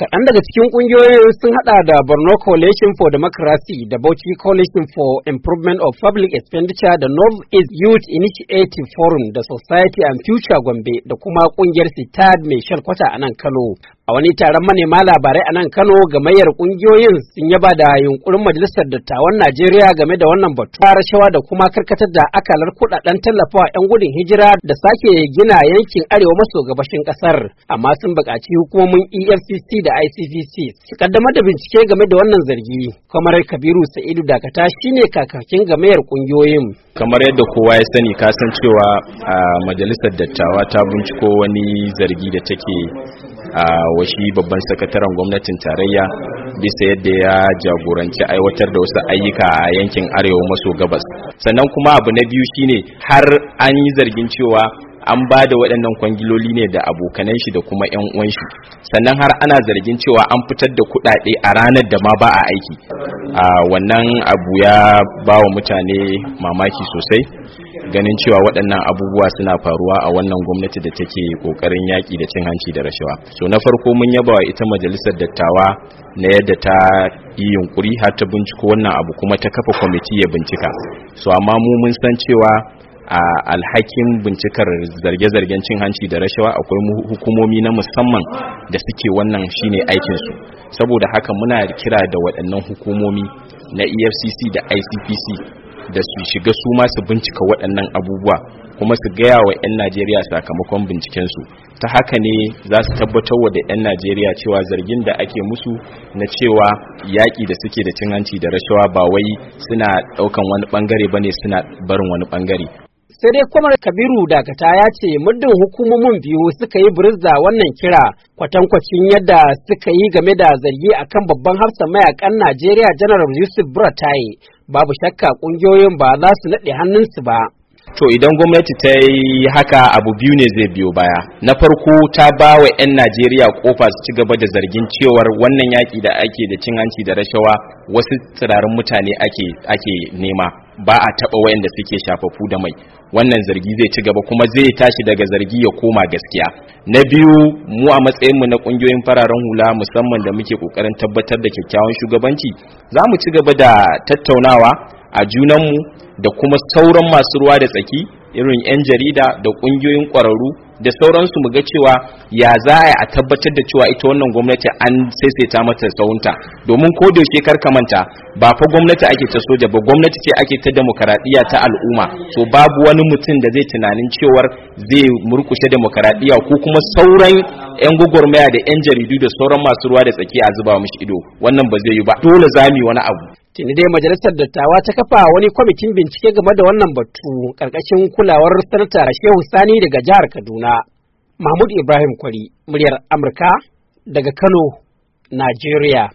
Kaɗan daga cikin ƙungiyoyin sun haɗa da Borno Coalition for Democracy da Bauchi Coalition for Improvement of Public Expenditure da North East Youth Initiative Forum da Society and Future Gombe da kuma ƙungiyar Sitad mai shalkwata a nan Kano. A wani taron manema labarai a nan Kano ga mayar kungiyoyin sun yaba da yunkurin Majalisar Dattawan Najeriya game da wannan batu. Ta rashawa da kuma karkatar da akalar kudaden tallafawa 'yan gudun hijira da sake gina yankin arewa maso gabashin kasar. Amma sun buƙaci hukumomin EFCC da ICCC su kaddamar da bincike game da wannan zargi. Kamar Kabiru Sa'idu Dakata shine kakakin ga mayar kungiyoyin. Kamar yadda kowa ya sani kasan cewa Majalisar Dattawa ta binciko wani zargi da take a washi babban sakataren gwamnatin tarayya bisa yadda ya jagoranci aiwatar da wasu ayyuka a yankin arewa maso gabas sannan kuma abu na biyu shine har an yi zargin cewa an ba da waɗannan kwangiloli ne da abokanan shi da kuma 'yan uwan shi sannan har ana zargin cewa an fitar da kuɗaɗe a ranar da ma ba a aiki a wannan abu ya ba wa mutane mamaki sosai ganin cewa waɗannan abubuwa suna faruwa a wannan gwamnati da take ƙoƙarin yaƙi da cin hanci da rashawa so na farko mun yaba wa ita majalisar dattawa na yadda ta yi yunƙuri har ta binciko wannan abu kuma ta kafa kwamiti ya bincika so amma mu mun san cewa a alhakin bincikar zarge-zargen cin hanci da rashawa akwai hukumomi na musamman da suke wannan shine aikinsu saboda haka muna kira da waɗannan hukumomi na efcc da icpc da su shiga su masu bincika waɗannan abubuwa kuma su gaya wa 'yan najeriya sakamakon bincikensu ta haka ne za su tabbatar wa da 'yan najeriya cewa zargin da ake musu na cewa yaƙi da suke da cin hanci da rashawa ba wai suna ɗaukan wani ɓangare ba ne suna barin wani ɓangare sai dai kwamar kabiru dakata ya ce muddin hukumomin biyu suka yi birza wannan kira kwatankwacin yadda suka yi game da zargi akan babban hafsan mayakan najeriya janar yusuf buratai babu shakka kungiyoyin ba za su naɗe hannunsu ba to idan gwamnati ta yi haka abu biyu ne zai biyo baya na farko ta ba wa 'yan najeriya kofa su ci gaba da zargin cewar wannan yaki da ake da cin hanci da rashawa wasu tsirarin mutane ake, nema ba a taɓa wayanda suke shafafu da mai wannan zargi zai ci gaba kuma zai tashi daga zargi ya koma gaskiya na biyu mu a matsayinmu na ƙungiyoyin fararen hula musamman da muke ƙoƙarin tabbatar da kyakkyawan shugabanci za mu ci gaba da tattaunawa a junanmu da kuma sauran masu ruwa da tsaki irin 'yan jarida da ƙungiyoyin ƙwararru da sauransu mu ga cewa ya za a tabbatar da cewa ita wannan gwamnati an saisaita mata saunta domin ko da yaushe kar manta ba fa gwamnati ake ta soja ba gwamnati ce ake ta demokaradiyya ta al'umma to babu wani mutum da zai tunanin cewar zai murkushe demokaradiyya ko kuma sauran yan gwagwarmaya da yan jaridu da sauran masu ruwa da tsaki a zuba mishi ido wannan ba zai yi ba dole za yi wani abu Tuni dai majalisar dattawa ta kafa wani kwamitin bincike game da wannan batu karkashin kulawar sanata Shehu Sani daga jihar Kaduna. Mahmud Ibrahim Kwari, muryar Amurka daga Kano, Najeriya.